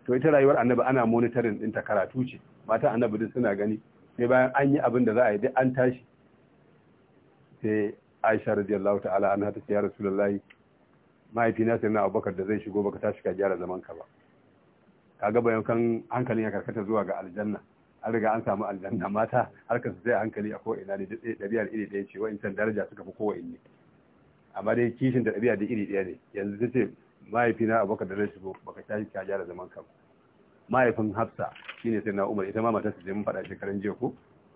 to ita rayuwar annabi ana monitoring din ta karatu ce mata annabi duk suna gani sai bayan an yi abin da za a yi duk an tashi sai aisha radiyallahu ta'ala an hata ya rasulullahi mahaifina sai na abubakar da zai shigo baka tashi ka gyara zaman ka ba kaga bayan kan hankalin ya karkata zuwa ga aljanna an riga an samu aljanna mata harkar su sai hankali a ko'ina ne ɗabi'ar iri ɗaya ce wa'incan daraja suka fi kowanne amma dai kishin da ɗabi'a da iri ɗaya ne yanzu ta ce mahaifina abokan da zai shigo baka tashi ka gyara zaman ba, mahaifin hafsa shine sai na umar ita ma matarsa sai mun faɗa shekarun jiya ko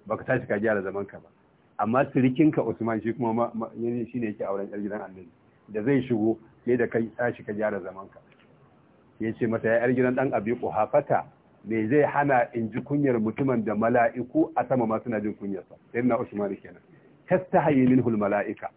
baka tashi ka gyara zaman ka ba amma sirikinka Usman shi kuma shi ne yake auren yar gidan annabi da zai shigo sai da kai tashi ka gyara zamanka ya ce masa ya yar gidan dan abi kuhafata me zai hana in ji kunyar mutumin da mala'iku a sama ma suna jin sa sai na Usman kenan tastahayi minhu mala'ika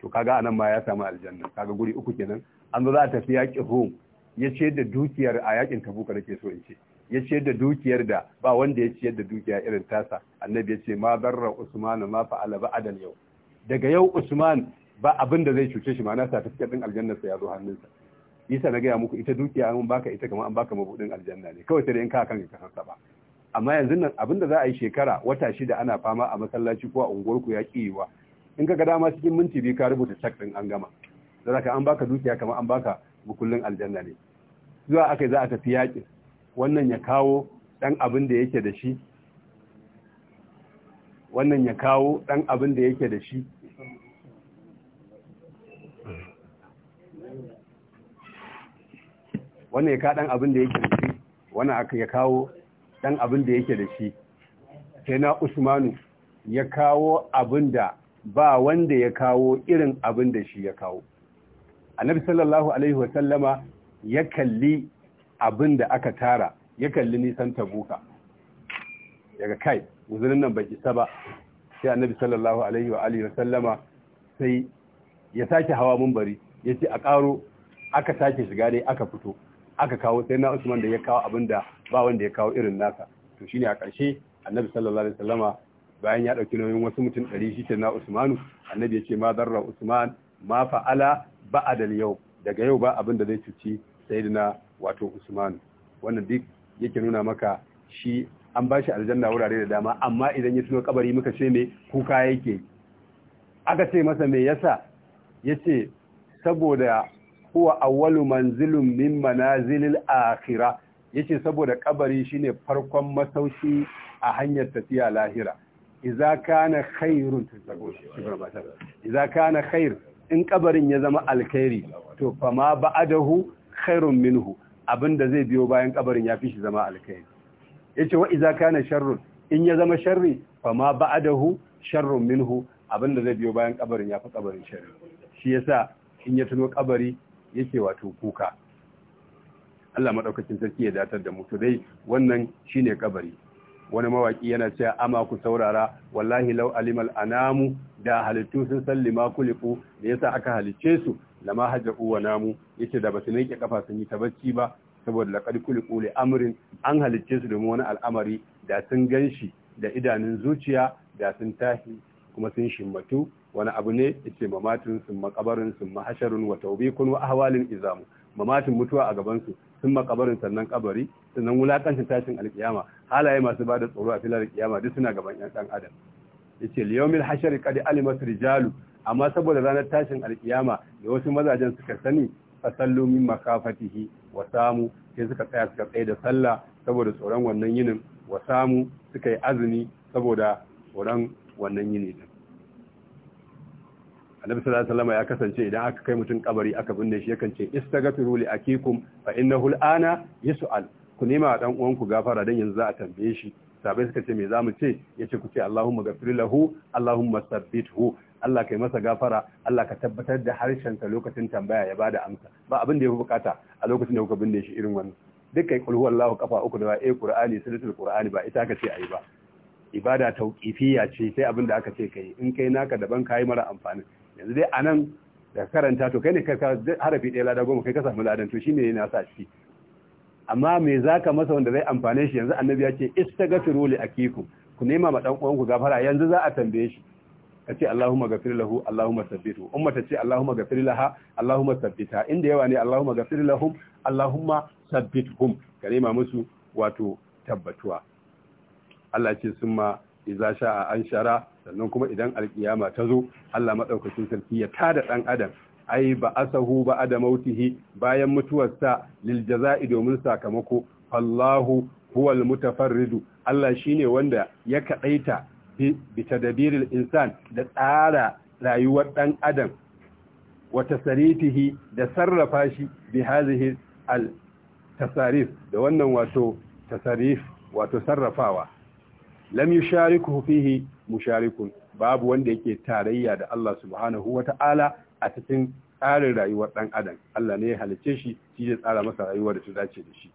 to kaga anan ma ya samu aljanna kaga guri uku kenan an zo za a tafi yakin Rum ya ce da dukiyar a yakin Tabuka ke so in ce ya ciyar da dukiyar da ba wanda ya ciyar da dukiya irin tasa annabi ya ce ma barra usman ma fa'ala adal yau daga yau usman ba abin da zai cuce shi ma na tafiya din aljanna sa ya zo hannunsa isa na gaya muku ita dukiya an baka ita kamar an baka mabudin aljanna ne kawai sai da in ka kan ka ba amma yanzu nan abinda za a yi shekara wata shida ana fama a masallaci ko a unguwar ku ya kiyewa in ka ga dama cikin minti biyu ka rubuta check din an gama da zaka an baka dukiya kamar an baka bukullin aljanna ne zuwa akai za a tafi yakin wannan ya kawo ɗan abin da yake da shi wannan ya kawo ɗan abin da yake da shi wannan ya kawo ɗan abin da yake da shi wannan aka ya kawo ɗan abin da yake da shi sai na usmanu ya kawo abin da ba wanda ya kawo irin abin da shi ya kawo annabi sallallahu alaihi wasallama ya kalli abin da aka tara ya kalli nisan tabuka daga kai uzurin nan bai isa ba sai annabi sallallahu alaihi wa alihi wa sallama sai ya sake hawa mumbari ya ce a karo aka sake shiga dai aka fito aka kawo sai na usman da ya kawo abin da ba wanda ya kawo irin nasa to shine a ƙarshe annabi sallallahu alaihi wasallama bayan ya ɗauki nauyin wasu mutum ɗari shi ce na usmanu annabi ya ce ma zarra usman ma fa'ala ba'da yau daga yau ba abin da zai cuci sayyidina wato Usman wannan duk yake nuna maka shi an ba shi aljanna wurare da dama amma idan ya tuno kabari muka ce me kuka yake aka ce masa me yasa yace saboda huwa awwalu manzilun min manazilil akhirah yace saboda kabari shine farkon masauki a hanyar tafiya lahira idza kana khairun idza kana khair in kabarin ya zama alkhairi to fama ba'adahu khairun minhu abin da zai biyo bayan kabarin ya fi shi zama alkhairi yace wa waiza kana sharrun in ya zama sharri ba ma ba'dahu sharrun minhu abin da zai biyo bayan kabarin ya fi kabarin sharri shi yasa in ya tuno kabari yake wato kuka Allah maɗaukacin sarki ya datar da mu dai wannan shine kabari wani mawaki yana cewa ama ku saurara wallahi law alimal anamu da halittu sun sallima kuliku da yasa aka halicce su lama hajja'u wa namu yace da basu nake kafa sun yi ta bacci ba saboda laqad kuliku li amrin an halicce su domin wani al'amari da sun ganshi da idanun zuciya da sun tashi kuma sun shimmatu wani abu ne yace mamatin sun makabarin sun mahasharun wa tawbikun wa ahwalin izamu mamatin mutuwa a gaban su sun makabarin sannan kabari sannan wulakancin tashin alkiyama halaye masu ba da tsoro a filar kiyama duk suna gaban yan ɗan adam yace liyawmil hashar kadi alimatu rijalu amma saboda ranar tashin alkiyama da wasu mazajen suka sani a sallomin makafatihi wa samu sai suka tsaya suka tsaye da sallah saboda tsoron wannan yinin wa samu suka yi azumi saboda tsoron wannan yini din annabi sallallahu alaihi ya kasance idan aka kai mutum kabari aka binne shi yakan ce istaghfiru li akikum fa hul'ana al'ana yas'al ku nema dan uwanku gafara dan yanzu za a tambaye shi sabai suka ce me za mu ce ya ce ku ce Allahumma gafir lahu Allahumma sabbithu Allah kai masa gafara Allah ka tabbatar da harshen ka lokacin tambaya ya bada amsa ba abin da ya bukata a lokacin da kuka binne shi irin wannan duk kai kulhu Allahu kafa uku da ba eh Qur'ani suratul Qur'ani ba ita ka ce ayi ba ibada tauqifiyya ce sai abin da aka ce kai in kai naka daban kai mara amfani yanzu dai anan da karanta to kai ne ka harafi ɗaya lada goma kai ka samu ladan to shine yana sa shi amma me zaka masa wanda zai amfane shi yanzu annabi ya ce istaghfiru li akikum ku nema ma dan ku gafara yanzu za a tambaye shi kace Allahumma ghafir lahu Allahumma sabbitu umma tace Allahumma ghafir laha Allahumma sabbita. inda yawa ne Allahumma ghafir lahum Allahumma thabbithum ka nema musu wato tabbatuwa Allah ce summa iza sha'a an shara sannan kuma idan alkiyama ta zo Allah madaukakin sarki ya tada dan adam ai ba asahu ba da mautihi bayan mutuwarsa sa liljaza'i domin sakamako Allahu huwal mutafarridu Allah shine wanda ya kadaita bi tadabiril insan da tsara rayuwar dan adam wa tasaritihi da sarrafa shi bi hazihi al tasarif da wannan wato tasarif wato sarrafawa lam yusharikuhu fihi musharikun babu wanda yake tarayya da Allah subhanahu wata'ala a cikin tsarin rayuwar dan adam Allah ne ya halice shi shi zai tsara masa rayuwar da ta dace da shi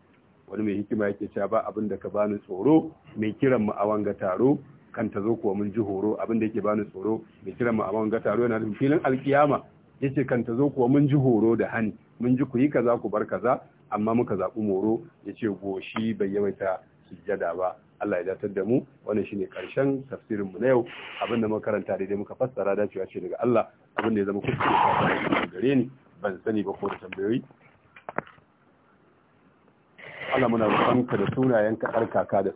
wani mai hikima yake cewa ba abin da ka bani tsoro mai kiran mu a wanga taro kan ta zo kuwa mun ji horo abin da yake bani tsoro mai kiran mu a wanga taro yana da filin alkiyama yace kan ta zo kuwa mun ji horo da hani mun ji ku yi kaza ku bar kaza amma muka zaɓi moro yace goshi bai yawaita sujjada ba Allah ya datar da mu wannan shine karshen tafsirin mu na yau abinda muka karanta daidai muka fassara dacewa ce daga Allah abinda ya zama kuskure gare ni ban sani ba ko da tambayoyi Allah muna ka da sunayen ka kaka da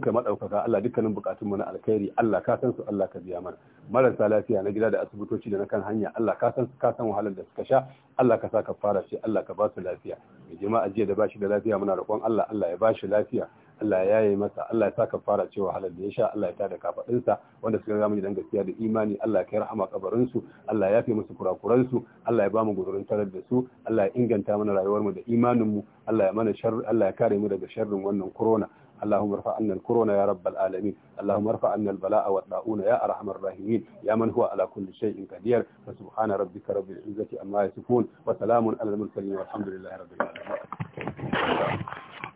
ka maɗaukaka Allah dukkanin buƙatunmu na alkhairi Allah ka san su Allah ka biya mana marasa lafiya na gida da asibitoci da na kan hanya Allah ka san ka san wahalar da suka sha Allah ka sa ka fara shi Allah ka ba su lafiya mai jama'a jiya da bashi da lafiya muna roƙon Allah Allah ya ba shi lafiya Allah ya yaye masa Allah ya saka fara cewa halal da ya sha Allah ya tada kafaɗinsa wanda suka gama mu gaskiya da imani Allah ya kai rahama kabarin su Allah ya yafe musu kurakuran su Allah ya ba mu gudurin tarar da su Allah ya inganta mana rayuwar mu da imanin mu Allah ya mana sharri Allah ya kare mu daga sharrin wannan corona اللهم ارفع عنا الكورونا يا رب العالمين اللهم ارفع عنا البلاء والطاعون يا ارحم الراحمين يا من هو على كل شيء قدير فسبحان ربك رب العزة عما يصفون وسلام على المرسلين والحمد لله رب العالمين